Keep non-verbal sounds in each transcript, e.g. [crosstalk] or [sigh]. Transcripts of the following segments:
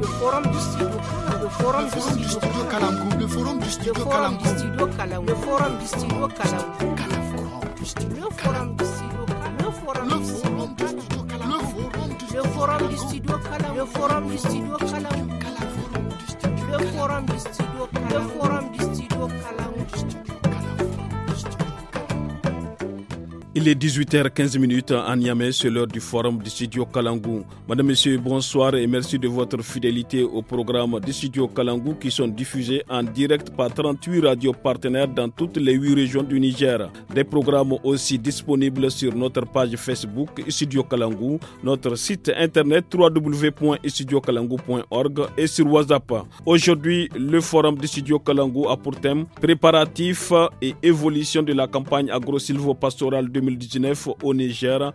le forum du studio le forum du studio Kalamkou le forum du studio le forum du studio Kalamkou le forum du studio le forum du studio le forum du studio le forum du studio le forum du le forum du studio le forum du studio Il est 18h15 à Niamey, c'est l'heure du forum de studio Kalangou. Madame, Monsieur, bonsoir et merci de votre fidélité au programme de studio Kalangou qui sont diffusés en direct par 38 radios partenaires dans toutes les 8 régions du Niger. Des programmes aussi disponibles sur notre page Facebook Studio Kalangou, notre site internet www.studiokalangou.org et sur WhatsApp. Aujourd'hui, le forum du studio Kalangou a pour thème préparatif et évolution de la campagne agro-silvopastorale de 2019 au Niger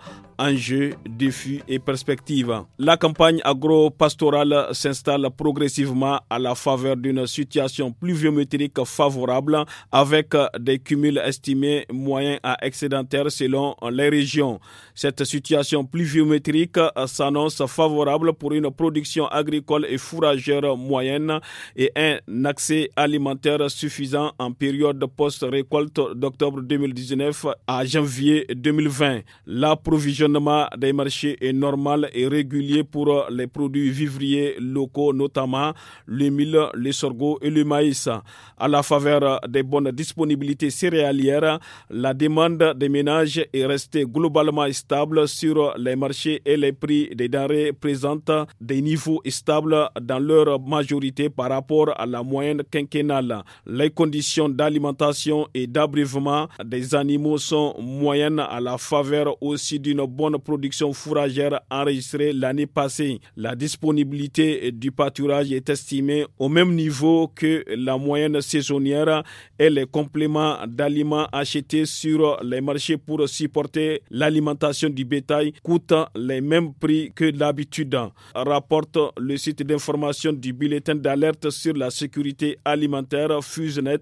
enjeux, défis et perspectives. La campagne agro-pastorale s'installe progressivement à la faveur d'une situation pluviométrique favorable avec des cumuls estimés moyens à excédentaires selon les régions. Cette situation pluviométrique s'annonce favorable pour une production agricole et fourragère moyenne et un accès alimentaire suffisant en période post-récolte d'octobre 2019 à janvier 2020. L'approvisionnement des marchés est normal et régulier pour les produits vivriers locaux, notamment le mil, le sorgho et le maïs. À la faveur des bonnes disponibilités céréalières, la demande des ménages est restée globalement stable sur les marchés et les prix des denrées présentent des niveaux stables dans leur majorité par rapport à la moyenne quinquennale. Les conditions d'alimentation et d'abrivement des animaux sont moyennes à la faveur aussi d'une bonne production fourragère enregistrée l'année passée. La disponibilité du pâturage est estimée au même niveau que la moyenne saisonnière et les compléments d'aliments achetés sur les marchés pour supporter l'alimentation du bétail coûtent les mêmes prix que d'habitude, rapporte le site d'information du bulletin d'alerte sur la sécurité alimentaire FuseNet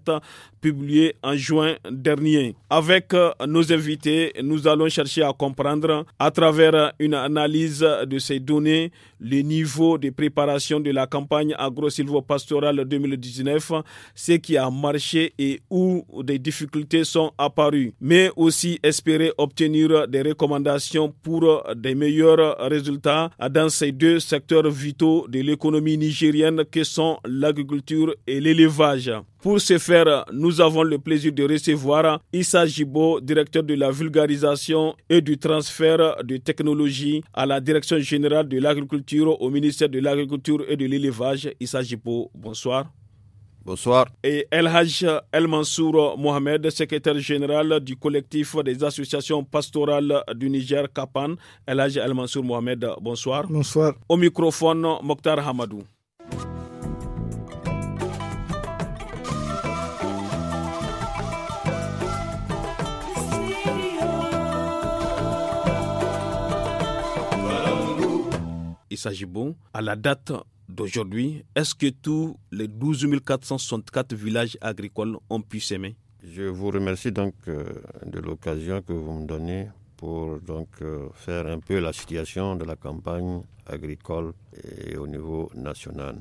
publié en juin dernier. Avec nos invités, nous allons chercher à comprendre à travers une analyse de ces données, le niveau de préparation de la campagne agro-silvopastorale 2019, ce qui a marché et où des difficultés sont apparues, mais aussi espérer obtenir des recommandations pour des meilleurs résultats dans ces deux secteurs vitaux de l'économie nigérienne que sont l'agriculture et l'élevage. Pour ce faire, nous avons le plaisir de recevoir Issa Jibo, directeur de la vulgarisation et du transfert de Technologie à la Direction générale de l'Agriculture au ministère de l'Agriculture et de l'Élevage, Issa Jipo. Bonsoir. Bonsoir. Et El Haj El Mansour Mohamed, secrétaire général du collectif des associations pastorales du Niger, Kapan. El Hajj El Mansour Mohamed, bonsoir. Bonsoir. Au microphone, Mokhtar Hamadou. bon à la date d'aujourd'hui, est-ce que tous les 12 464 villages agricoles ont pu s'aimer Je vous remercie donc euh, de l'occasion que vous me donnez pour donc euh, faire un peu la situation de la campagne agricole au niveau national.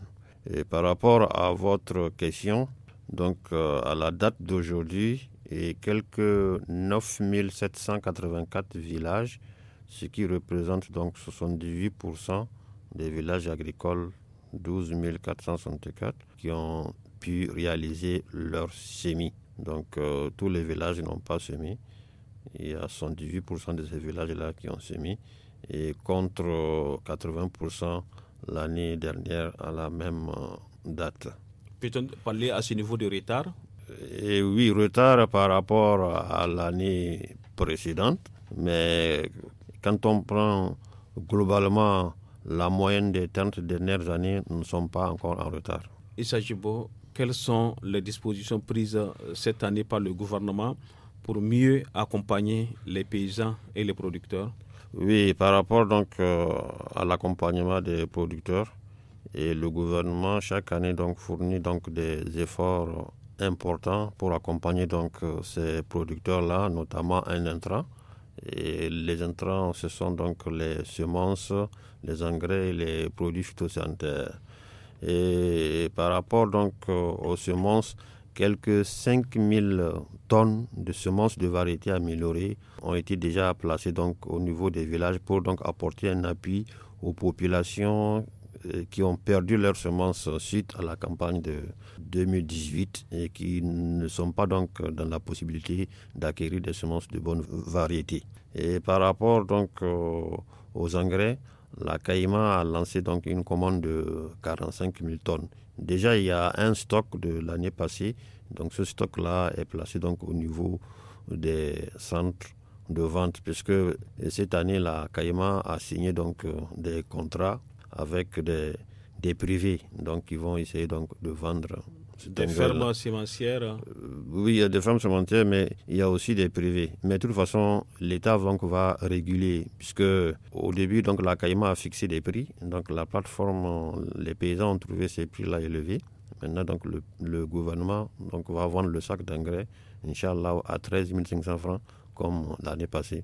Et par rapport à votre question, donc euh, à la date d'aujourd'hui, a quelques 784 villages, ce qui représente donc 78% des villages agricoles, 12 464, qui ont pu réaliser leur semis. Donc euh, tous les villages n'ont pas semé. Il y a 78% de ces villages-là qui ont semé, et contre 80% euh, l'année dernière à la même euh, date. Peut-on parler à ce niveau de retard et oui, retard par rapport à l'année précédente, mais quand on prend globalement la moyenne des 30 dernières années, ne sont pas encore en retard. Il s'agit beau, quelles sont les dispositions prises euh, cette année par le gouvernement pour mieux accompagner les paysans et les producteurs Oui, par rapport donc euh, à l'accompagnement des producteurs, et le gouvernement chaque année donc fournit donc des efforts euh, importants pour accompagner donc ces producteurs là, notamment un intrant. Et les intrants, ce sont donc les semences, les engrais et les produits phytosanitaires. Et, par rapport donc euh, aux semences, quelques 5000 tonnes de semences de variétés améliorées ont été déjà placées donc au niveau des villages pour donc apporter un appui aux populations euh, qui ont perdu leurs semences suite à la campagne de 2018 et qui ne sont pas donc dans la possibilité d'acquérir des semences de bonne variété. Et par rapport donc euh, aux engrais, la CAIMA a lancé donc une commande de 45 000 tonnes. Déjà, il y a un stock de l'année passée. Donc, ce stock-là est placé donc au niveau des centres de vente, puisque cette année, la CAIMA a signé donc euh, des contrats avec des, privés. Donc, vont essayer donc de vendre des fermes cimentières hein. euh, Oui, il y a des fermes cimentières, mais il y a aussi des privés. Mais de toute façon, l'État va réguler, puisque au début, donc, la Caïma a fixé des prix. Donc la plateforme, les paysans ont trouvé ces prix-là élevés. Maintenant, donc, le, gouvernement donc, va vendre le sac d'engrais, Inch'Allah, à 13 500 francs, comme l'année passée.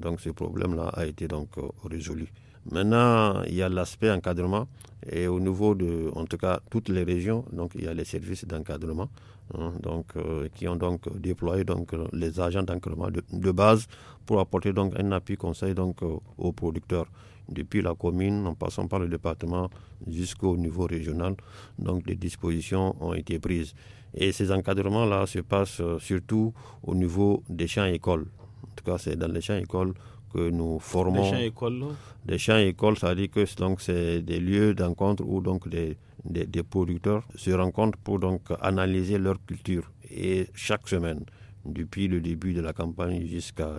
Donc ce problème-là a été donc résolu. Maintenant, il y a l'aspect encadrement. Et au niveau de, en tout cas, toutes les régions, donc il y a les services d'encadrement, hein, euh, qui ont donc déployé donc les agents d'encadrement de, base pour apporter donc un appui conseil donc euh, aux producteurs, depuis la commune, en passant par le département jusqu'au niveau régional. Donc des dispositions ont été prises. Et ces encadrements là se passent euh, surtout au niveau des champs écoles. En tout cas, c'est dans les champs écoles que nous formons. Des champs-écoles Des champs-écoles, ça dit que c'est des lieux d'encontre où donc des, producteurs se rencontrent pour donc analyser leur culture. Et chaque semaine, depuis le début de la campagne jusqu'à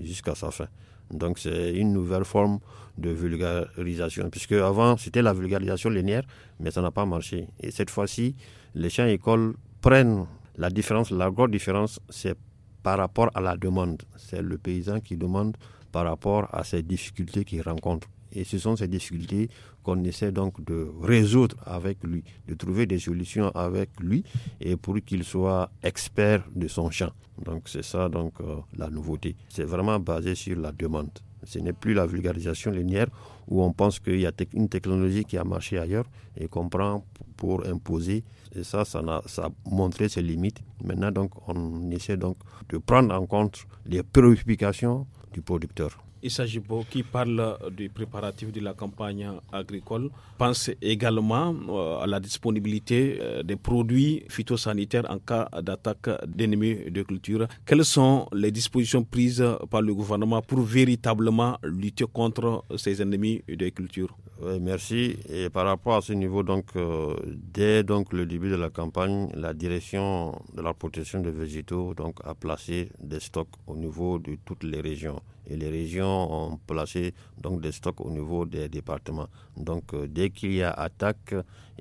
jusqu'à sa fin. Donc c'est une nouvelle forme de vulgarisation, puisque avant c'était la vulgarisation linéaire, mais ça n'a pas marché. Et cette fois-ci, les champs écoles prennent la différence, la grande différence, c'est par rapport à la demande. C'est le paysan qui demande par rapport à ces difficultés qu'il rencontre. Et ce sont ces difficultés qu'on essaie donc de résoudre avec lui, de trouver des solutions avec lui et pour qu'il soit expert de son champ. Donc c'est ça donc euh, la nouveauté. C'est vraiment basé sur la demande. Ce n'est plus la vulgarisation linéaire où on pense qu'il y a une technologie qui a marché ailleurs et qu'on prend pour imposer. Et ça, ça a, ça montré ses limites. Maintenant, donc, on essaie donc de prendre en compte les préoccupations, du producteur. Il s'agit beaucoup qui parle du préparatif de la campagne agricole, pense également euh, à la disponibilité euh, des produits phytosanitaires en cas d'attaque d'ennemis de culture. Quelles sont les dispositions prises par le gouvernement pour véritablement lutter contre ces ennemis de culture merci. Et par rapport à ce niveau, donc, euh, dès donc, le début de la campagne, la direction de la protection des végétaux donc, a placé des stocks au niveau de toutes les régions et les régions ont placé donc des stocks au niveau des départements. Donc euh, dès qu'il y a attaque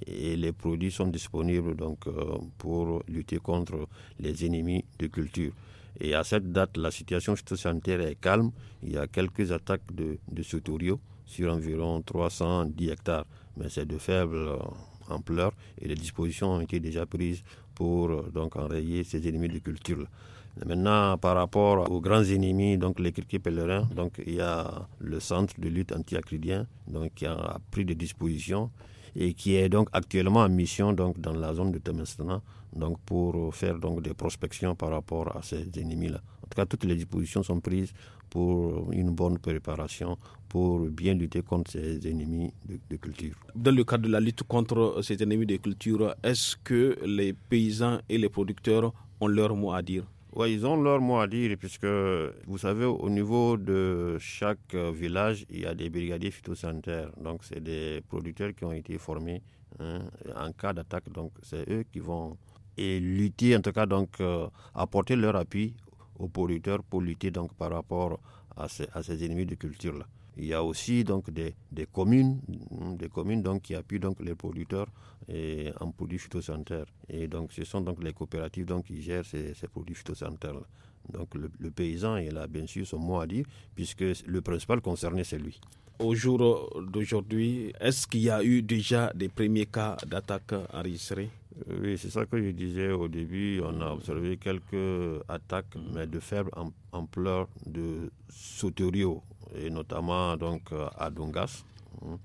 et les produits sont disponibles donc euh, pour lutter contre les ennemis de culture. Et à cette date, la situation sanitaire est calme. Il y a quelques attaques de, de sur environ 310 hectares, mais c'est de faible euh, ampleur et les dispositions ont été déjà prises pour donc enrayer ces ennemis de culture. Maintenant, par rapport aux grands ennemis, donc les criquets pèlerins, donc il y a le centre de lutte anti qui a pris des dispositions et qui est donc actuellement en mission donc dans la zone de Temestana, donc pour faire donc des prospections par rapport à ces ennemis-là. En tout cas, toutes les dispositions sont prises pour une bonne préparation pour bien lutter contre ces ennemis de, de, culture. Dans le cadre de la lutte contre ces ennemis de culture, est-ce que les paysans et les producteurs ont leur mot à dire oui, ils ont leur mot à dire, puisque vous savez, au niveau de chaque euh, village, il y a des brigadiers phytosanitaires. Donc, c'est des producteurs qui ont été formés hein, en cas d'attaque. Donc, c'est eux qui vont et lutter, en tout cas, donc, euh, apporter leur appui aux producteurs pour lutter donc, par rapport à ces, à ces ennemis de culture-là. Il y a aussi donc des, des communes, des communes donc qui appuient donc les producteurs et en produits phytosanitaires. Et donc ce sont donc les coopératives donc qui gèrent ces, ces produits phytosanitaires. Donc le, paysan il a bien sûr son mot à dire puisque le principal concerné c'est lui. Au jour d'aujourd'hui, est-ce qu'il y a eu déjà des premiers cas d'attaque enregistrés euh, oui, c'est ça que je disais au début. On a observé quelques attaques, mais de faible ampleur de soturio et notamment donc euh, à Dungas. Hein.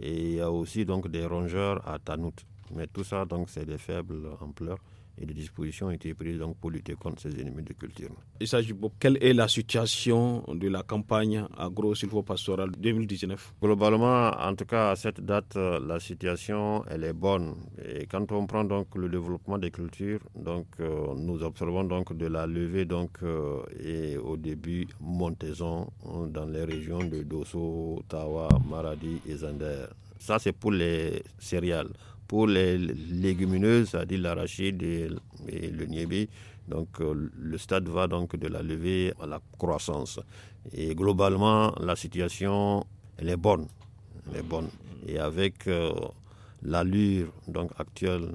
Et il y a aussi donc des rongeurs à Tanout. Mais tout ça, donc, c'est des faibles ampleurs et des dispositions ont été prises donc pour lutter contre ces ennemis de culture. Il s'agit de quelle est la situation de la campagne agro-silvopastorale 2019 Globalement, en tout cas à cette date, euh, la situation elle est bonne. Et quand on prend donc le développement des cultures, donc euh, nous observons donc de la levée donc euh, et au début montaison dans les régions de Dosso, Tawa, Maradi et Zander. Ça c'est pour les céréales. Pour les légumineuses, c'est-à-dire l'arachide et, le niébé, donc euh, le stade va donc de la levée à la croissance. Et globalement, la situation, elle est bonne. est Et avec euh, l'allure donc, actuelle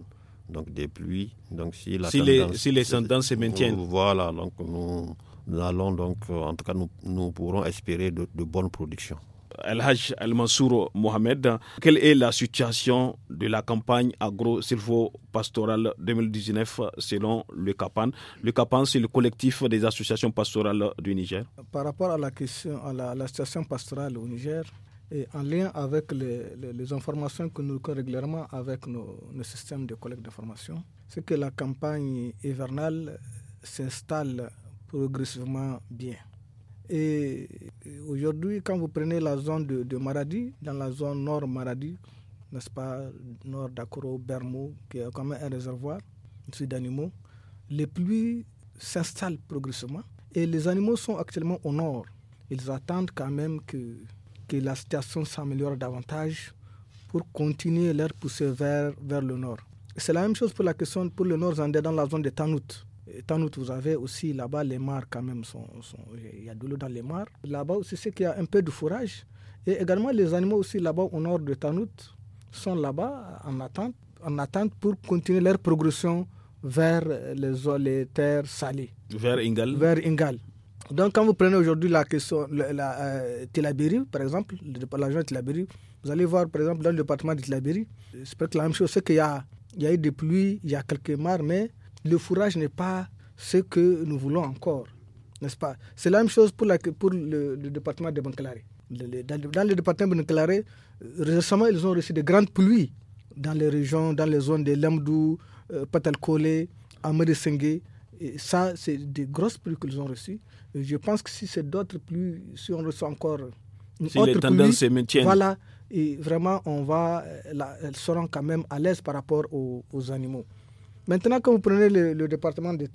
donc, des pluies, donc, si, la si, les, tendances se maintiennent. Voilà, nous, allons donc, euh, en tout cas, nous, pourrons espérer de bonnes productions. El hajj mansour Mohamed, quelle est la situation de la campagne agro-silvo-pastorale 2019 selon le CAPAN Le CAPAN, c'est le collectif des associations pastorales du Niger. Par rapport à la question, à la, situation pastorale au Niger, et en lien avec les, informations que nous recueillons régulièrement avec nos systèmes de collecte d'informations, c'est que la campagne hivernale s'installe progressivement bien. Et aujourd'hui, quand vous prenez la zone de, Maradi, dans la zone nord Maradi, n'est-ce pas, nord d'Akoro, Bermo, qui est quand même un réservoir d'animaux, les pluies s'installent progressivement et les animaux sont actuellement au nord. Ils attendent quand même que, que la situation s'améliore davantage pour continuer leur poussée vers, vers le nord. C'est la même chose pour la question pour le nord dans la zone de Tanout. Tant vous avez aussi là-bas les mares quand même, il y a de l'eau dans les mares. Là-bas aussi, c'est qu'il y a un peu de fourrage. Et également les animaux aussi là-bas au nord de Tanout sont là-bas en attente, en attente pour continuer leur progression vers les, les terres salées. Vers Ingal Vers Ingal. Donc quand vous prenez aujourd'hui la question, la, euh, la par exemple, le de Tilabiri, vous allez voir par exemple dans le département de Tilabiri, peut que la même chose, c'est qu'il il y a eu des pluies, il y a quelques mares, mais le fourrage n'est pas ce que nous voulons encore, n'est-ce pas C'est la même chose pour, la, pour le, département de Banclaré. Dans le département de Banclaré, euh, récemment, ils ont reçu de grandes pluies dans les régions, dans les zones de Lamdou, euh, Patalkolé, Et ça, c'est des grosses pluies qu'ils ont reçues. je pense que si c'est d'autres pluies, si on reçoit encore une si autre les tendances se maintiennent. voilà, et vraiment, on va, euh, elles seront quand même à l'aise par rapport aux animaux. Maintenant, quand vous prenez le, département de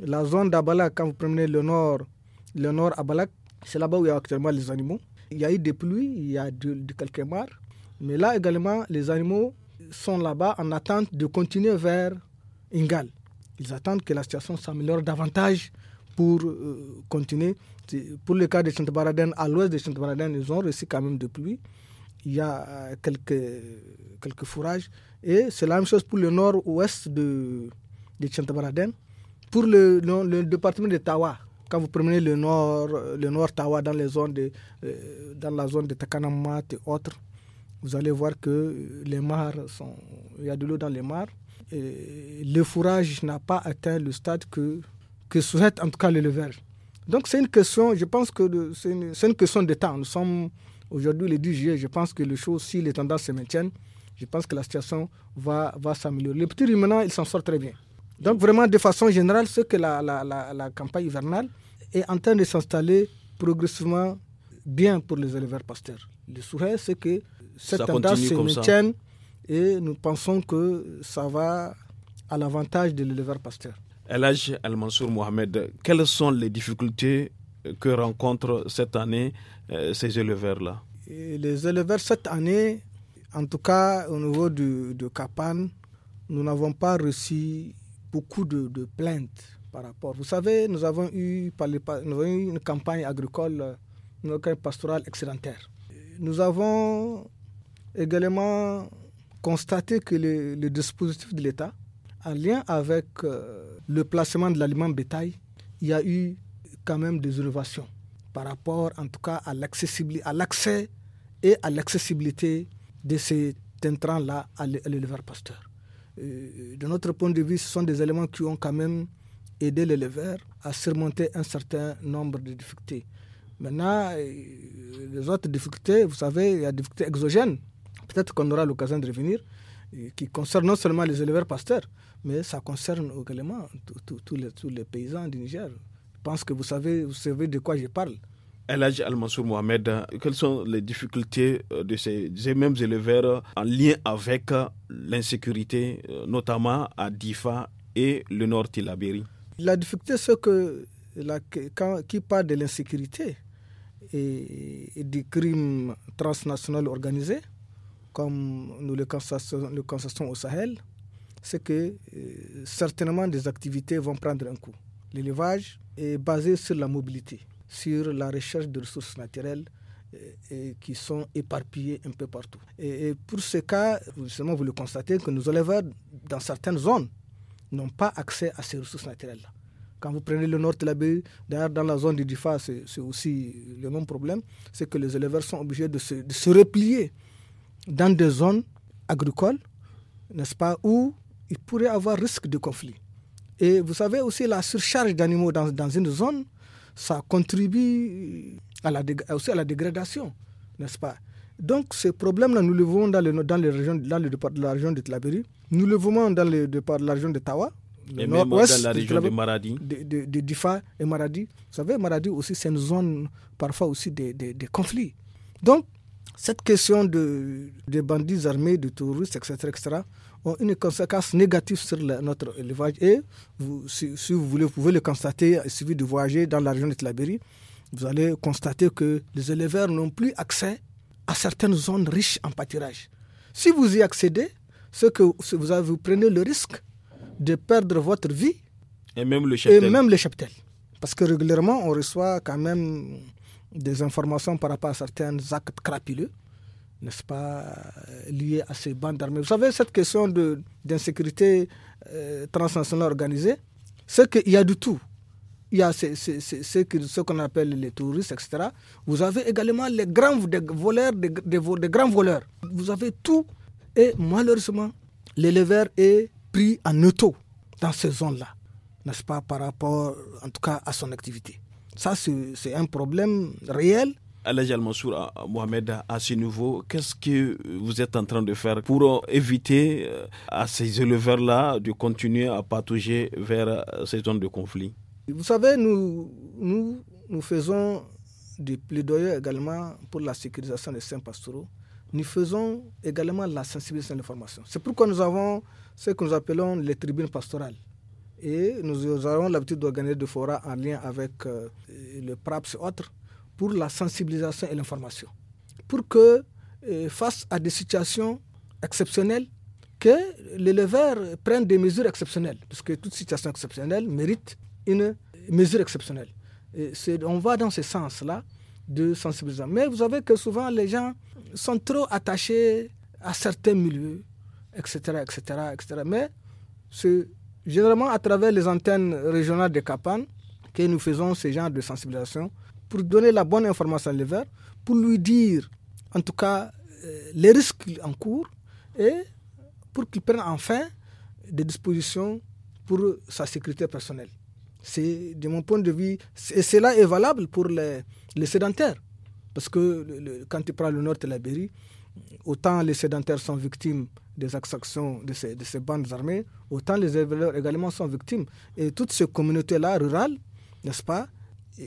la zone d'Abalak, quand vous prenez le nord, le nord Abalak, c'est là-bas où il y a actuellement les animaux. Il y a eu des pluies, il y a de, quelques mares. Mais là également, les animaux sont là-bas en attente de continuer vers Ingal. Ils attendent que la situation s'améliore davantage pour euh, continuer. Pour le cas de baraden à l'ouest de Chantebaraden, ils ont reçu quand même de pluie. Il y a euh, quelques, quelques fourrages. Et c'est la même chose pour le nord-ouest de, de Pour le, le, département de Tawa, quand vous promenez le nord, le nord Tawa dans, les zones de, euh, dans la zone de Takanamat et autres, vous allez voir que les mares sont. Il y a de l'eau dans les mares. Et le fourrage n'a pas atteint le stade que, que souhaite en tout cas l'élevage. Donc c'est une question, je pense que c'est une, une, question de temps. Nous sommes aujourd'hui le 10 juillet, je pense que le choses, si les tendances se maintiennent, je pense que la situation va, va s'améliorer. Les petits ruminants, ils s'en sortent très bien. Donc vraiment, de façon générale, ce que la, campagne hivernale est en train de s'installer progressivement bien pour les éleveurs pasteurs. Le souhait, c'est que cette tendance se maintienne et nous pensons que ça va à l'avantage de l'éleveur pasteur. Elhaj Al-Mansour Mohamed, quelles sont les difficultés que rencontrent cette année euh, ces éleveurs-là Les éleveurs cette année en tout cas, au niveau de, de Capane, nous n'avons pas reçu beaucoup de, plaintes par rapport. Vous savez, nous avons eu, une campagne agricole, euh, une campagne pastorale excédentaire. Nous avons également constaté que le, le dispositif de l'État, en lien avec euh, le placement de l'aliment bétail, il y a eu quand même des innovations par rapport en tout cas à l'accès et à l'accessibilité de ces intrants-là à l'éleveur pasteur. Euh, de notre point de vue, ce sont des éléments qui ont quand même aidé l'éleveur à surmonter un certain nombre de difficultés. Maintenant, euh, les autres difficultés, vous savez, il y a des difficultés exogènes, peut-être qu'on aura l'occasion de revenir, euh, qui concernent non seulement les éleveurs pasteurs, mais ça concerne également tous les, les, paysans du Niger. Je pense que vous savez, vous savez de quoi je parle. Elhaj Al-Mansour Mohamed, quelles sont les difficultés euh, de ces, mêmes éleveurs euh, en lien avec euh, l'insécurité, notamment à Difa et le nord Tilaberi La difficulté, c'est que quand, qui parle de l'insécurité et, des crimes transnationaux organisés, comme nous le constatons, au Sahel, c'est que certainement des activités vont prendre un coup. L'élevage est basé sur la mobilité sur la recherche de ressources naturelles euh, et qui sont éparpillées un peu partout. Et, pour ce cas, justement, vous le constatez que nos éleveurs, dans certaines zones, n'ont pas accès à ces ressources naturelles-là. Quand vous prenez le nord de la baie, d'ailleurs dans la zone du Difa, c'est aussi le même problème, c'est que les éleveurs sont obligés de se, replier dans des zones agricoles, n'est-ce pas, où il pourrait avoir risque de conflit. Et vous savez aussi la surcharge d'animaux dans, dans une zone ça contribue à aussi à la dégradation, n'est-ce pas Donc, ces problème là nous le voyons dans, le, dans, les régions, dans le départ de la région de Tlaberi, nous le voyons dans le départ de la région de Tawa, et dans la région de, Maradi. De, Difa et Maradi. Vous savez, Maradi aussi, c'est une zone parfois aussi des, des, conflits. Donc, cette question de, des bandits armés, de touristes, etc., etc., ont une conséquence négative sur notre élevage. Et vous, si, vous voulez, vous pouvez le constater, il suffit de voyager dans la région de Tlaberie, vous allez constater que les éleveurs n'ont plus accès à certaines zones riches en pâturage. Si vous y accédez, ce que vous, avez, vous prenez le risque de perdre votre vie et même le Et même le cheptel. Parce que régulièrement, on reçoit quand même des informations par rapport à certains actes crapuleux n'est-ce pas, euh, lié à ces bandes armées. Vous savez, cette question d'insécurité euh, transnationale organisée, c'est qu'il y a du tout. Il y a ce, ce, ce qu'on appelle les touristes, etc. Vous avez également les grands voleurs, des, grands voleurs. Vous avez tout. Et malheureusement, l'éleveur est pris en auto dans ces zones-là, n'est-ce pas, par rapport, en tout cas, à son activité. Ça, c'est un problème réel Alaj Al-Mansour ah, ah, Mohamed, à ce niveau, qu'est-ce que vous êtes en train de faire pour euh, éviter euh, à ces éleveurs-là de continuer à patauger vers euh, ces zones de conflit Vous savez, nous, nous, nous faisons du plaidoyers également pour la sécurisation des saints pastoraux. Nous faisons également la sensibilisation de l'information. C'est pourquoi nous avons ce que nous appelons les tribunes pastorales. Et nous avons l'habitude d'organiser des forats en lien avec le PRAPS et autres pour la sensibilisation et l'information. Pour que, euh, face à des situations exceptionnelles, que l'éleveur prenne des mesures exceptionnelles, parce que toute situation exceptionnelle mérite une mesure exceptionnelle. Et on va dans ce sens-là de sensibilisation. Mais vous savez que souvent les gens sont trop attachés à certains milieux, etc., etc., etc. Mais c'est généralement à travers les antennes régionales de Capan que nous faisons ce genre de sensibilisation pour donner la bonne information à l'éleveur, pour lui dire en tout cas euh, les risques qu'il encourt et pour qu'il prenne enfin des dispositions pour sa sécurité personnelle. C'est de mon point de vue, et cela est valable pour les, sédentaires. Parce que quand tu prends le nord de la autant les sédentaires sont victimes des exactions de ces, de ces bandes armées, autant les éleveurs également sont victimes. Et toutes ces communautés-là rurales, n'est-ce pas,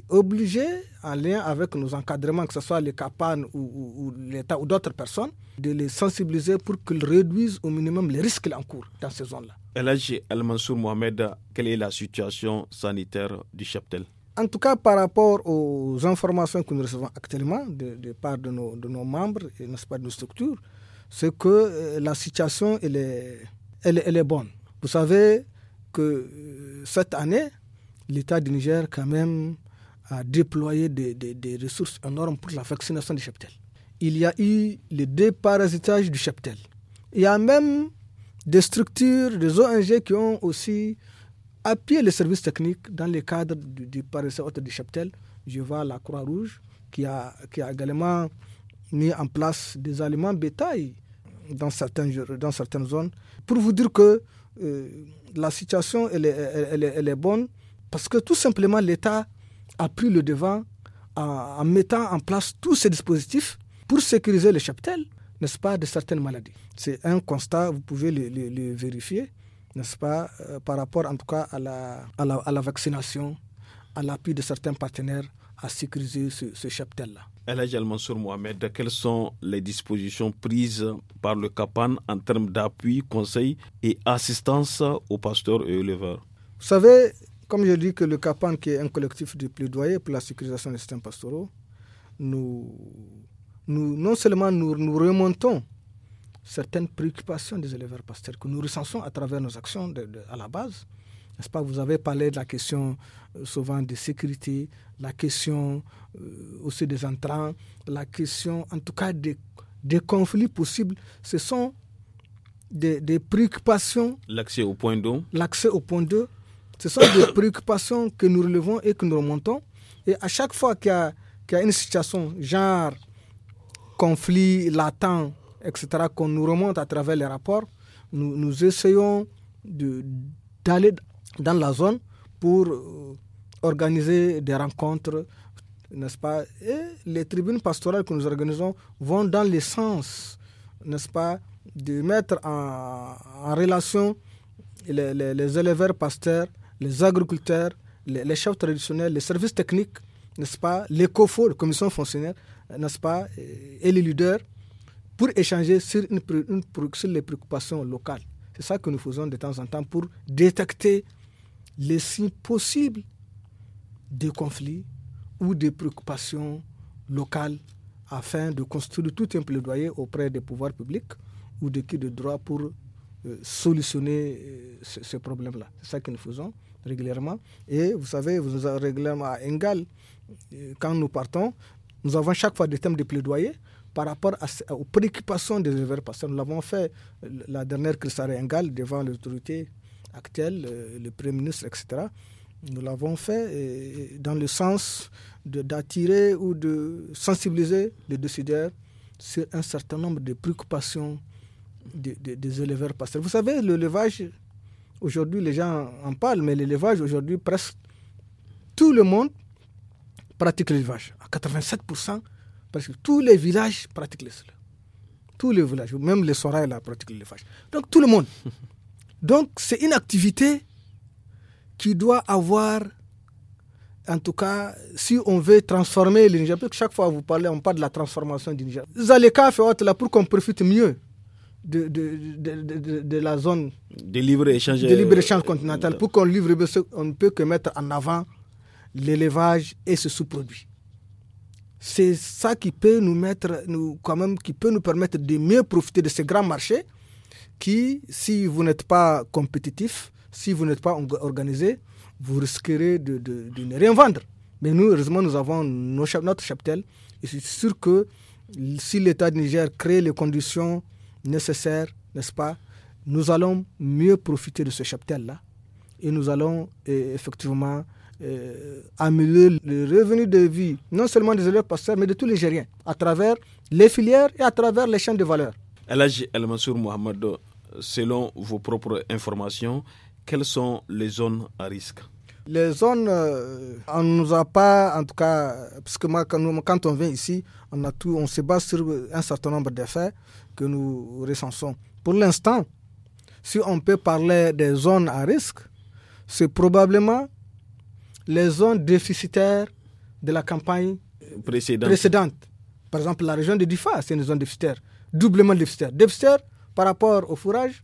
obligé, en lien avec nos encadrements, que ce soit les CAPAN ou, l'État ou d'autres personnes, de les sensibiliser pour qu'ils réduisent au minimum les risques en cours dans ces zones-là. Et là, Al-Mansour Mohamed, quelle est la situation sanitaire du cheptel En tout cas, par rapport aux informations que nous recevons actuellement de, part de nos, de nos membres et pas, de nos structures, c'est que euh, la situation elle est, elle, est bonne. Vous savez que euh, cette année, l'État du Niger, quand même, a déployé des, des, ressources énormes pour la vaccination du cheptel. Il y a eu le déparasitage du cheptel. Il y a même des structures, des ONG qui ont aussi appuyé les services techniques dans le cadre du, du parasitage du cheptel. Je vois la Croix-Rouge qui a, qui a également mis en place des aliments bétail dans certaines, dans certaines zones. Pour vous dire que euh, la situation, elle est, elle est bonne parce que tout simplement l'État a pris le devant en, mettant en place tous ces dispositifs pour sécuriser le cheptel, n'est-ce pas, de certaines maladies. C'est un constat, vous pouvez le, vérifier, n'est-ce pas, euh, par rapport en tout cas à la, à la, vaccination, à l'appui de certains partenaires à sécuriser ce, ce cheptel-là. également sur Mohamed, quelles sont les dispositions prises par le CAPAN en termes d'appui, conseil et assistance aux pasteurs et éleveurs Vous savez, comme je dis que le CAPAN, qui est un collectif de plaidoyer pour la sécurisation des systèmes pastoraux, nous, non seulement nous, remontons certaines préoccupations des élèves pasteurs que nous recensons à travers nos actions à la base. N'est-ce pas Vous avez parlé de la question euh, souvent de sécurité, la question euh, aussi des entrants, la question en tout cas des, conflits possibles. Ce sont des, des préoccupations. L'accès au point d'eau. L'accès au point d'eau ce sont des préoccupations que nous relevons et que nous remontons. Et à chaque fois qu'il y, a une situation, genre conflit latent, etc., qu'on nous remonte à travers les rapports, nous, nous essayons d'aller dans la zone pour euh, organiser des rencontres, n'est-ce pas Et les tribunes pastorales que nous organisons vont dans le sens, n'est-ce pas, de mettre en, relation les, les, les éleveurs pasteurs les agriculteurs, les, chefs traditionnels, les services techniques, n'est-ce pas, commissions la commission fonctionnaire, n'est-ce pas, et les leaders, pour échanger sur, les préoccupations locales. C'est ça que nous faisons de temps en temps pour détecter les signes possibles de conflits ou des préoccupations locales afin de construire tout un plaidoyer auprès des pouvoirs publics ou de qui de droit pour euh, solutionner ces euh, ce problèmes-là. C'est ça que nous faisons régulièrement. Et vous savez, vous nous régulièrement à Engal, quand nous partons, nous avons chaque fois des thèmes de plaidoyer par rapport aux préoccupations des éleveurs, parce nous l'avons fait la dernière à Engal devant l'autorité actuelle, euh, le Premier ministre, etc. Nous l'avons fait dans le sens d'attirer ou de sensibiliser les décideurs sur un certain nombre de préoccupations des, des, des éleveurs pasteurs. Vous savez, l'élevage, Aujourd'hui, les gens en parlent, mais l'élevage, aujourd'hui, presque tout le monde pratique l'élevage. À 87%, presque tous les villages pratiquent l'élevage. Tous les villages, même les sorails pratiquent l'élevage. Donc, tout le monde. [laughs] Donc, c'est une activité qui doit avoir, en tout cas, si on veut transformer le parce que chaque fois que vous parlez, on parle de la transformation du Niger. Zaleka autre là pour qu'on profite mieux de, de, de, de la zone de libre-échange libre euh, continental. Pour qu'on livre, eh on ne peut que mettre en avant l'élevage et ce sous produit C'est ça qui peut nous mettre, nous, quand même, qui peut nous permettre de mieux profiter de ce grand marché qui, si vous n'êtes pas compétitif, si vous n'êtes pas organisé, vous risquerez de, de, ne rien vendre. Mais nous, heureusement, nous avons nos, notre cheptel. Et c'est sûr que si l'État de Niger crée les conditions nécessaire, n'est-ce pas Nous allons mieux profiter de ce chapitre là et nous allons eh, effectivement eh, améliorer le revenu de vie, non seulement des élèves pasteurs, mais de tous les Gériens, à travers les filières et à travers les chaînes de valeur. Alors, El Mohamed, selon vos propres informations, quelles sont les zones à risque les zones, euh, on ne nous a pas, en tout cas, parce que quand, on vient ici, on, a tout, on se base sur un certain nombre d'affaires, que nous recensons. Pour l'instant, si on peut parler des zones à risque, c'est probablement les zones déficitaires de la campagne précédente. précédente. Par exemple, la région de Difa, c'est une zone déficitaire, doublement déficitaire. Déficitaire par rapport au fourrage.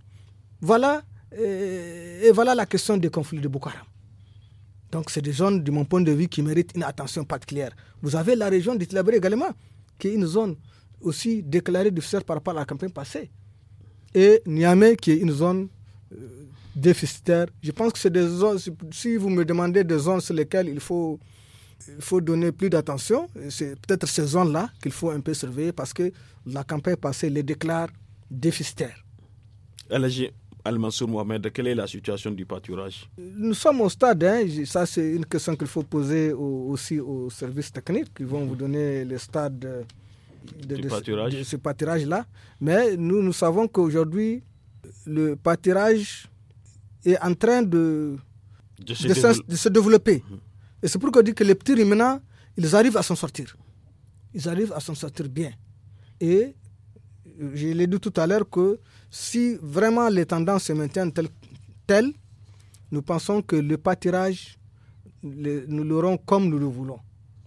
Voilà, euh, et, voilà la question des conflits de Boko Donc, c'est des zones, de mon point de vue, qui méritent une attention particulière. Vous avez la région de également, qui est une zone aussi déclaré déficitaire par rapport à la campagne passée. Et Niamey, qui est une zone euh, déficitaire, je pense que c'est des zones, si vous me demandez des zones sur lesquelles il faut, il faut donner plus d'attention, c'est peut-être ces zones-là qu'il faut un peu surveiller parce que la campagne passée les déclare déficitaires. Al-Mansour Mohamed, quelle est la situation du pâturage Nous sommes au stade, hein, ça c'est une question qu'il faut poser aussi aux services techniques qui vont vous donner le stade... Euh, de, ce pâturage-là. Mais nous, nous savons qu'aujourd'hui, le pâturage est en train de, se, développer. Mhm. Et c'est pourquoi je dit que les petits ruminants, ils arrivent à s'en sortir. Ils arrivent à s'en sortir bien. Et euh, je l'ai dit tout à l'heure que si vraiment les tendances se maintiennent telles, nous pensons que le pâturage, nous l'aurons comme nous le voulons.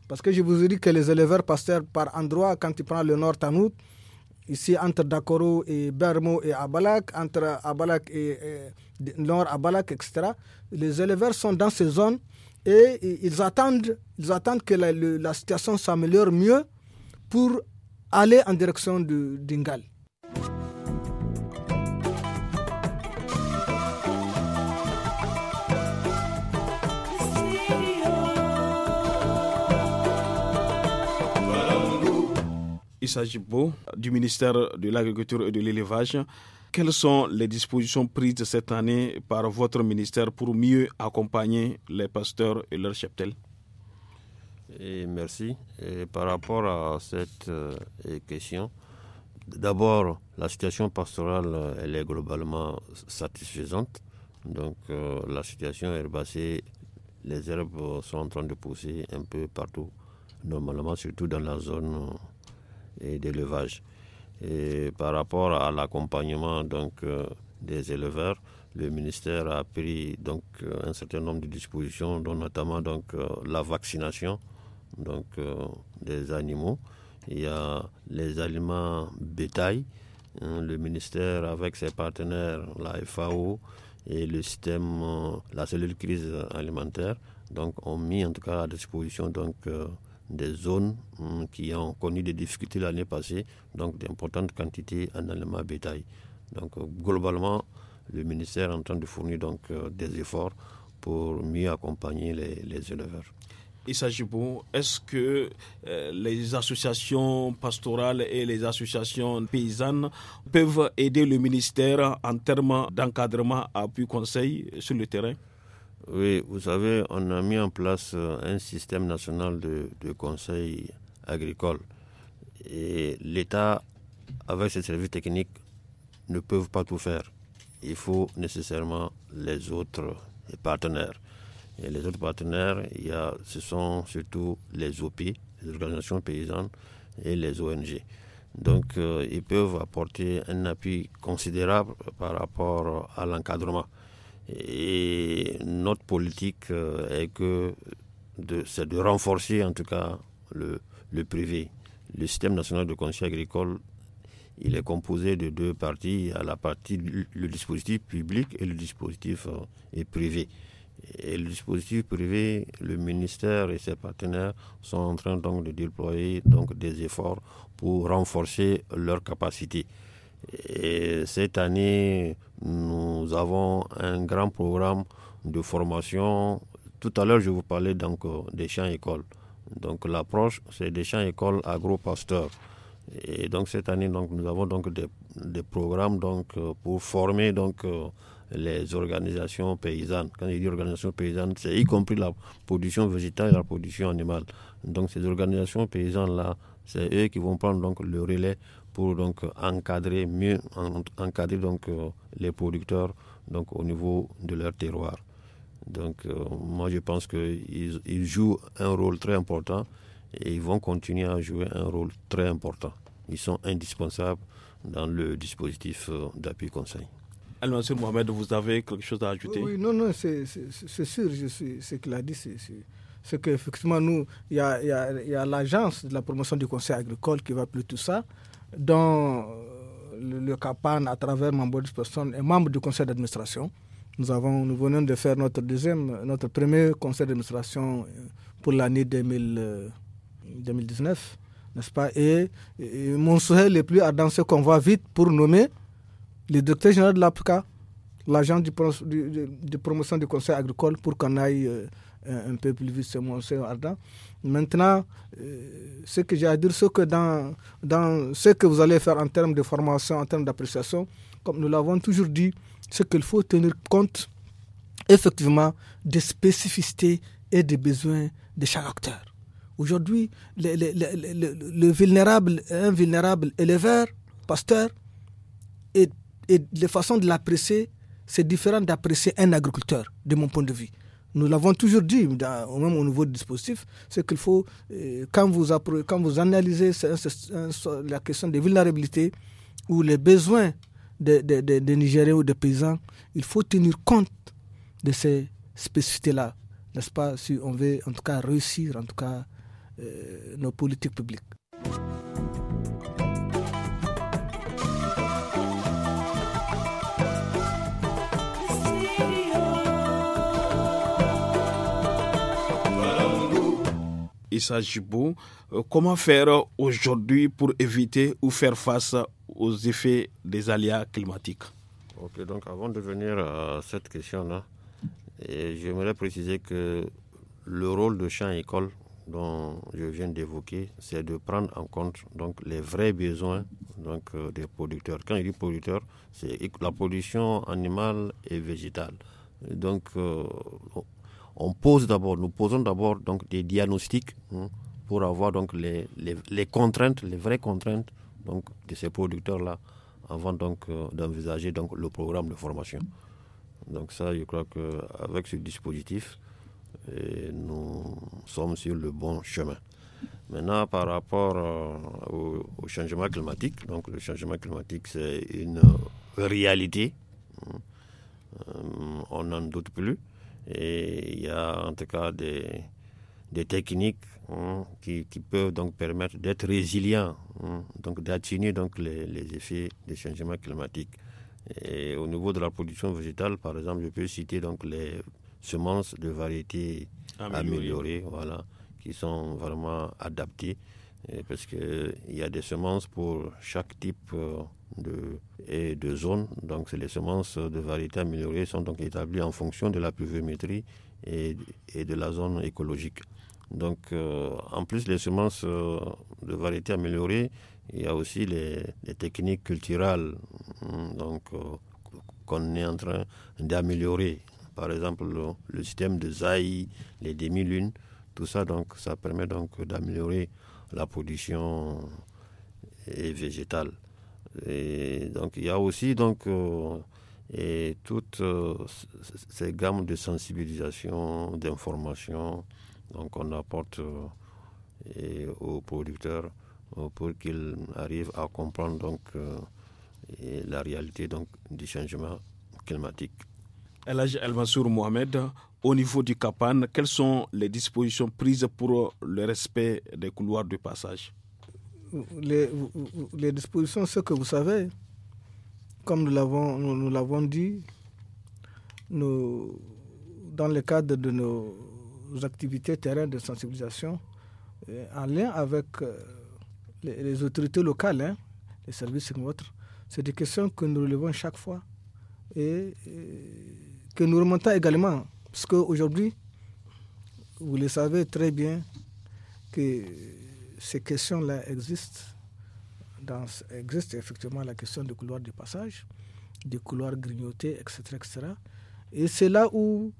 Parce que je vous ai dit que les éleveurs passèrent par endroit, quand ils prennent le nord Tanout, ici entre Dakoro et Bermo et Abalak, entre Abalak et, nord Abalak, etc., les éleveurs sont dans ces zones et, ils attendent, ils attendent que la, situation s'améliore mieux pour aller en direction du d'Ingal. Issa beau du ministère de l'Agriculture et de l'Élevage. Quelles sont les dispositions prises cette année par votre ministère pour mieux accompagner les pasteurs et leurs cheptels et Merci. Et par rapport à cette euh, question, d'abord, la situation pastorale euh, elle est globalement satisfaisante. Donc, euh, la situation herbacée, les herbes sont en train de pousser un peu partout, normalement, surtout dans la zone et d'élevage. Et par rapport à l'accompagnement donc euh, des éleveurs, le ministère a pris donc euh, un certain nombre de dispositions, dont notamment donc euh, la vaccination donc des animaux. Il y a les aliments bétail. Hein, le ministère, avec ses partenaires, la FAO et le système, la cellule crise alimentaire, donc ont mis en tout cas à disposition donc des zones hum, qui ont connu des difficultés l'année passée, donc d'importantes quantités en aliments bétail. Donc euh, globalement, le ministère est en train de fournir donc euh, des efforts pour mieux accompagner les, les éleveurs. Issa est-ce que euh, les associations pastorales et les associations paysannes peuvent aider le ministère en termes d'encadrement, à appui, conseil sur le terrain oui, vous savez, on a mis en place euh, un système national de, conseil agricole. Et l'État, avec ses services techniques, ne peuvent pas tout faire. Il faut nécessairement les autres partenaires. Et les autres partenaires, il y a, ce sont surtout les OPI, les organisations paysannes et les ONG. Donc, euh, ils peuvent apporter un appui considérable par rapport à l'encadrement. Et notre politique euh, est que c'est de renforcer en tout cas le, privé. Le système national de conseil agricole, il est composé de deux parties, à la partie le dispositif public et le dispositif euh, privé. Et le dispositif privé, le ministère et ses partenaires sont en train donc de déployer donc des efforts pour renforcer leurs capacités. Et cette année, nous avons un grand programme de formation. Tout à l'heure, je vous parlais donc euh, des champs écoles. Donc l'approche, c'est des champs écoles agro-pasteurs. Et donc cette année, donc, nous avons donc des, des programmes donc, euh, pour former donc, euh, les organisations paysannes. Quand je dis organisations paysannes, c'est y compris la production végétale et la production animale. Donc ces organisations paysannes-là, c'est eux qui vont prendre donc, le relais pour donc encadrer mieux encadrer donc euh, les producteurs donc au niveau de leur terroir. Donc euh, moi je pense qu'ils ils jouent un rôle très important et ils vont continuer à jouer un rôle très important. Ils sont indispensables dans le dispositif euh, d'appui conseil. alors M. Mohamed, vous avez quelque chose à ajouter Oui, non, non, c'est sûr, ce qu'il a dit, c'est c'est qu'effectivement, nous, il y a, a, a l'agence de la promotion du conseil agricole qui va plus tout ça dans euh, le CAPAN, à travers Mambodis Personne, et membre du conseil d'administration. Nous, avons, nous venons de faire notre, deuxième, notre premier conseil d'administration euh, pour l'année 2019, euh, n'est-ce pas et, mon souhait le plus ardent, c'est qu'on va vite pour nommer le directeur général de l'APCA, l'agent de, promotion du conseil agricole, pour qu'on aille un peu plus vite ce morceau ardent. Maintenant, euh, ce que j'ai à dire, c'est que dans, dans ce que vous allez faire en termes de formation, en termes d'appréciation, comme nous l'avons toujours dit, c'est qu'il faut tenir compte effectivement des spécificités et des besoins de chaque acteur. Aujourd'hui, le, le, le, vulnérable, un vulnérable éleveur, pasteur, et, et la façon de l'apprécier, c'est différent d'apprécier un agriculteur, de mon point de vue. Nous l'avons toujours dit, dans, même au niveau du dispositif, c'est qu'il faut, euh, quand, vous quand vous analysez la question des vulnérabilités ou les besoins des Nigériens ou des paysans, il faut tenir compte de ces spécificités-là, n'est-ce pas, si on veut en tout cas réussir en tout cas euh, nos politiques publiques. s'agit bon euh, Comment faire aujourd'hui pour éviter ou faire face aux effets des aléas climatiques donc avant de venir à cette question-là, j'aimerais préciser que le rôle de champ école dont je viens d'évoquer, c'est de prendre en compte donc, les vrais besoins donc, euh, des producteurs. Quand il dit producteur, c'est la pollution animale et végétale. Donc, euh, on pose d'abord, nous posons d'abord donc des diagnostics hein, pour avoir donc les, contraintes, les vraies contraintes donc de ces producteurs-là avant donc euh, d'envisager donc le programme de formation. Donc ça, je crois qu'avec ce dispositif, euh, nous sommes sur le bon chemin. Maintenant, par rapport euh, au, changement climatique, donc le changement climatique, c'est une réalité. Hein. on n'en doute plus. Et il y a en tout cas des, des techniques hein, qui, qui, peuvent donc permettre d'être résilient, hein, donc d'atténuer les, les, effets des changements climatiques. Et au niveau de la production végétale, par exemple, je peux citer donc les semences de variétés améliorées, améliorées voilà, qui sont vraiment adaptées parce qu'il y a des semences pour chaque type euh, de, et de zone. Donc, les semences de variétés améliorées sont donc établies en fonction de la pluviométrie et, et de la zone écologique. Donc, euh, en plus, les semences euh, de variétés améliorées, il y a aussi les, techniques culturales hein, donc, qu'on est en train d'améliorer. Par exemple, le, le système de Zaï, les demi-lunes, tout ça, donc, ça permet donc d'améliorer la pollution est végétale. donc il y a aussi donc euh, et toutes euh, ces gammes de sensibilisation, d'information, qu'on apporte euh, aux producteurs pour qu'ils arrivent à comprendre donc la réalité donc du changement climatique. Mohamed, au niveau du CAPAN, quelles sont les dispositions prises pour le respect des couloirs de passage les, dispositions, ce que vous savez, comme nous l'avons nous, l'avons dit, nous, dans le cadre de nos activités terrain de sensibilisation, euh, en lien avec euh, les, autorités locales, hein, les services et autres, c'est des questions que nous relevons chaque fois et que nous remontons également parce qu'aujourd'hui, vous le savez très bien que ces questions-là existent. Dans, existe effectivement la question du couloir de passage, du couloirs grignoté, etc. etc. Et c'est là où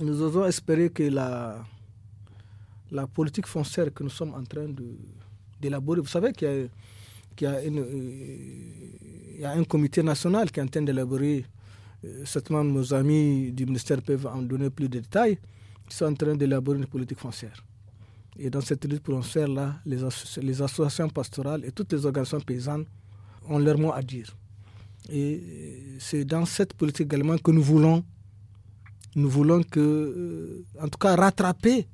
nous avons espéré que la, politique foncière que nous sommes en train d'élaborer, vous savez qu'il y, euh, y, a un comité national qui est en train d'élaborer certainement nos amis du ministère peuvent en donner plus de détails, Ils sont en train d'élaborer une politique foncière. Et dans cette lutte foncière-là, les, les, associations pastorales et toutes les organisations paysannes ont leur mot à dire. Et euh, c'est dans cette politique également que nous voulons, nous voulons que, euh, en tout cas, rattraper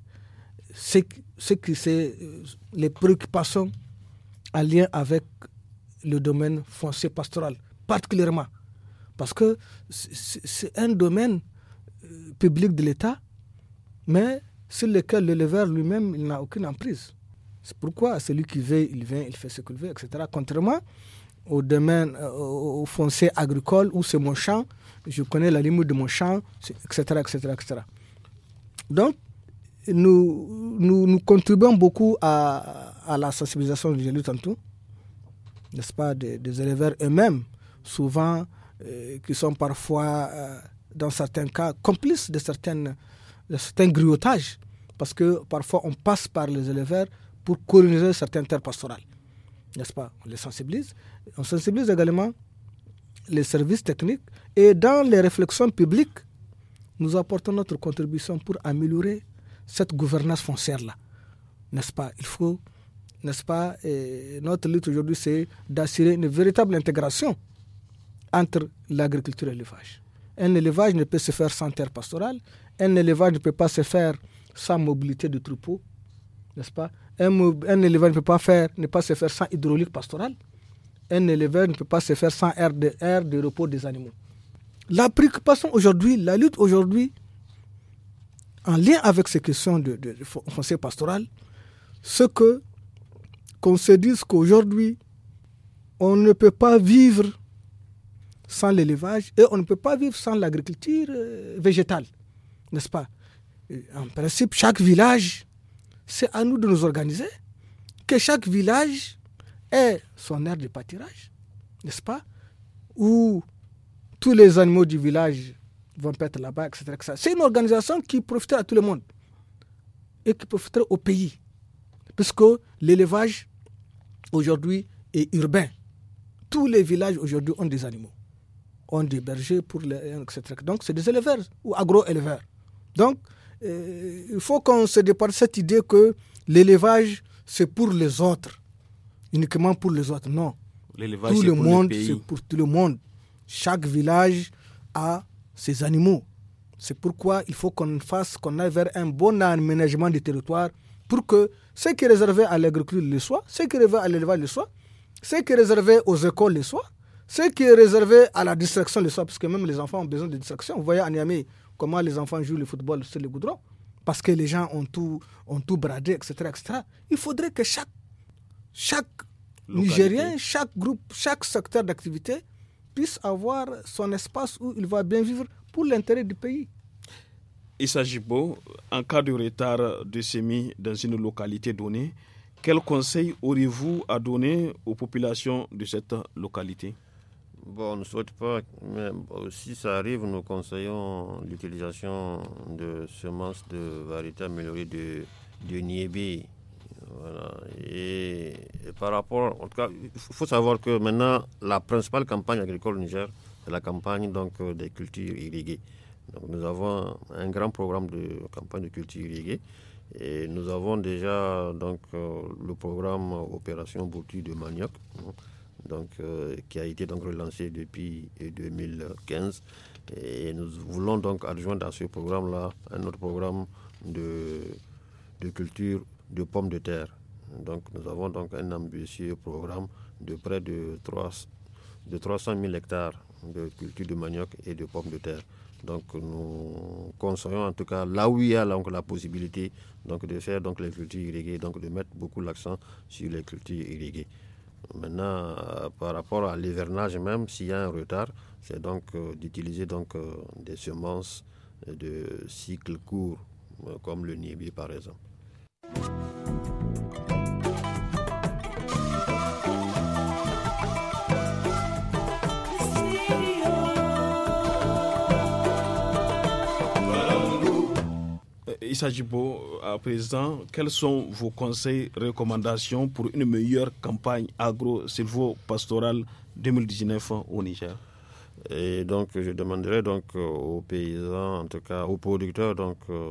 ce, ce qui c'est euh, les préoccupations en lien avec le domaine foncier pastoral, particulièrement. Parce que c'est un domaine euh, public de l'État, mais sur lequel l'éleveur lui-même, n'a aucune emprise. C'est pourquoi celui qui veut, il vient, il fait ce qu'il veut, etc. Contrairement au domaine, euh, au foncier agricole où c'est mon champ, je connais la limite de mon champ, etc., etc., Donc, nous, nous, contribuons beaucoup à, la sensibilisation, du tantôt, n'est-ce pas, des éleveurs eux-mêmes. Souvent, euh, qui sont parfois, euh, dans certains cas, complices de, certaines, certains griotages, parce que parfois on passe par les éleveurs pour coloniser certaines terres pastorales. N'est-ce pas On les sensibilise. On sensibilise également les services techniques et dans les réflexions publiques, nous apportons notre contribution pour améliorer cette gouvernance foncière-là. N'est-ce pas Il faut, n'est-ce pas, notre lutte aujourd'hui, c'est d'assurer une véritable intégration entre l'agriculture et l'élevage. Un élevage ne peut se faire sans terre pastorale, un élevage ne peut pas se faire sans mobilité de troupeau, n'est-ce pas un, élevage ne peut pas, se faire sans hydraulique pastorale, un élevage ne peut pas se faire sans air de, repos des animaux. La préoccupation aujourd'hui, la lutte aujourd'hui, en lien avec ces questions de, de, pastoral, c'est que qu'on se dise qu'aujourd'hui, on ne peut pas vivre sans l'élevage et on ne peut pas vivre sans l'agriculture euh, végétale, n'est-ce pas En principe, chaque village, c'est à nous de nous organiser, que chaque village ait son aire de pâturage, n'est-ce pas Où tous les animaux du village vont être là-bas, etc. C'est une organisation qui profite à tout le monde et qui profiterait au pays, puisque l'élevage aujourd'hui est urbain. Tous les villages aujourd'hui ont des animaux ont des bergers pour les, etc. Donc, c'est des éleveurs ou agro-éleveurs. Donc, euh, il faut qu'on se de cette idée que l'élevage, c'est pour les autres, uniquement pour les autres. Non. L'élevage, tout le monde, c'est pour tout le monde. Chaque village a ses animaux. C'est pourquoi il faut qu'on fasse, qu'on aille vers un bon aménagement du territoire pour que ce qui est réservé à l'agriculture le soit, ce qui est réservé à l'élevage le soit, ce qui est réservé aux écoles le soit, ce qui est réservé à la distraction de soi, parce que même les enfants ont besoin de distraction. Vous voyez à Niamey comment les enfants jouent le football sur le goudron, parce que les gens ont tout, ont tout bradé, etc., Il faudrait que chaque, chaque Nigérien, chaque groupe, chaque secteur d'activité puisse avoir son espace où il va bien vivre pour l'intérêt du pays. Il s'agit beau, en cas de retard de semis dans une localité donnée, quel conseil auriez-vous à donner aux populations de cette localité Bon, on ne souhaite pas, mais si ça arrive, nous conseillons l'utilisation de semences de variétés améliorées de, de niébé. Voilà. Et, par rapport, en tout cas, il faut savoir que maintenant, la principale campagne agricole au Niger, c'est la campagne donc, euh, des cultures irriguées. Donc, nous avons un grand programme de campagne de culture irriguées. Et nous avons déjà donc, euh, le programme Opération Bourti de Manioc. Hein, donc, euh, qui a été donc relancé depuis 2015. Et nous voulons donc adjoindre à ce programme-là un autre programme de, de culture de pommes de terre. Donc nous avons donc un ambitieux programme de près de, 3, de 300 000 hectares de culture de manioc et de pommes de terre. Donc nous conseillons en tout cas là où il y a donc, la possibilité donc, de faire donc, les cultures irriguées, donc de mettre beaucoup l'accent sur les cultures irriguées. Maintenant, euh, par rapport à l'hivernage même, s'il y a un retard, c'est donc euh, d'utiliser donc euh, des semences de cycle court, comme le nibi par exemple. Issa euh, à présent, quels sont vos conseils, recommandations pour une meilleure campagne agro-silvo-pastorale 2019 au Niger Et donc, je demanderai donc euh, aux paysans, en tout cas aux producteurs, donc, euh,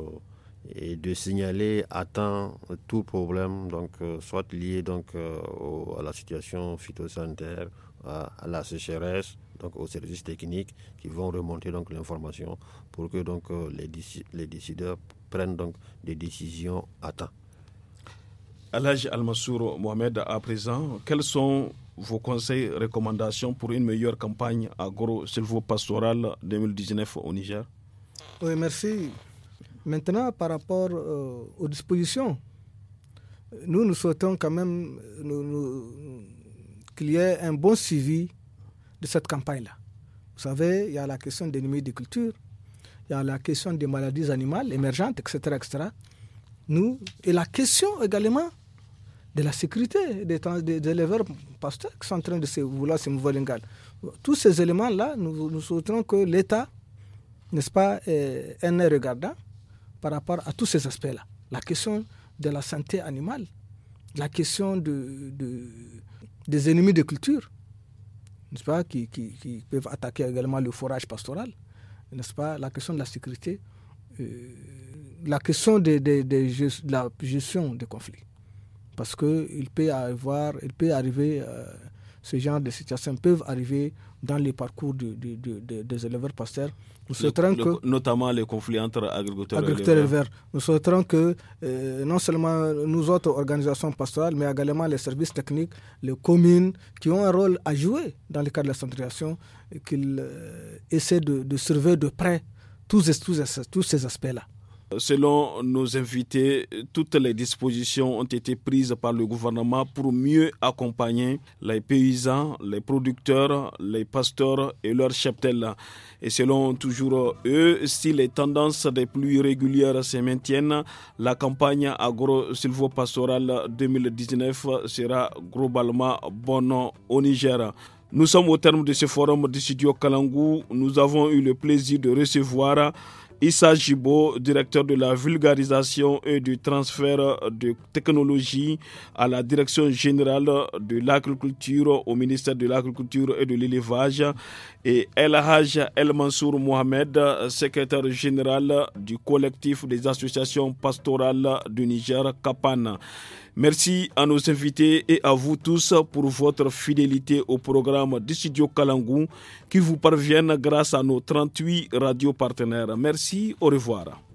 de signaler à temps tout problème, donc, soit lié donc, à la situation phytosanitaire, à, la sécheresse, donc aux services techniques qui vont remonter l'information pour que donc les, les décideurs prennent donc des décisions à temps. Alaj Almassour Mohamed, à présent, quels sont vos conseils, recommandations pour une meilleure campagne agro-silvopastorale 2019 au Niger Oui, merci. Maintenant, par rapport euh, aux dispositions, nous, nous souhaitons quand même qu'il y ait un bon suivi de cette campagne-là. Vous savez, il y a la question des numéros de culture, la question des maladies animales émergentes, etc., etc. Nous, et la question également de la sécurité des, des, éleveurs pasteurs qui sont en train de se vouloir se mouvoir Tous ces éléments-là, nous, nous souhaitons que l'État, n'est-ce pas, est euh, un regardant par rapport à tous ces aspects-là. La question de la santé animale, la question de, des ennemis de culture, n'est-ce pas, qui, qui, peuvent attaquer également le forage pastoral n'est-ce pas, la question de la sécurité, euh, la question de, de, de, la gestion des conflits. Parce qu'il peut, il peut arriver euh, ce genre de situations peuvent arriver dans les parcours des éleveurs pasteurs. Nous souhaiterons notamment les conflits entre agriculteurs, et éleveurs. Nous souhaiterons que euh, non seulement nous autres organisations pastorales, mais également les services techniques, les communes qui ont un rôle à jouer dans le cadre de la centralisation, qu'ils euh, essaient de, surveiller de près tous ces aspects-là. Selon nos invités, toutes les dispositions ont été prises par le gouvernement pour mieux accompagner les paysans, les producteurs, les pasteurs et leurs cheptels. Et selon toujours eux, si les tendances des pluies régulières se maintiennent, la campagne agro pastorale 2019 sera globalement bonne au Niger. Nous sommes au terme de ce forum du studio Kalangou. Nous avons eu le plaisir de recevoir Issa Jibo, directeur de la vulgarisation et du transfert de technologie à la direction générale de l'agriculture au ministère de l'agriculture et de l'élevage, et El Haj El Mansour Mohamed, secrétaire général du collectif des associations pastorales du Niger, Kapan. Merci à nos invités et à vous tous pour votre fidélité au programme du studio Kalangou qui vous parviennent grâce à nos 38 radios partenaires. Merci, au revoir.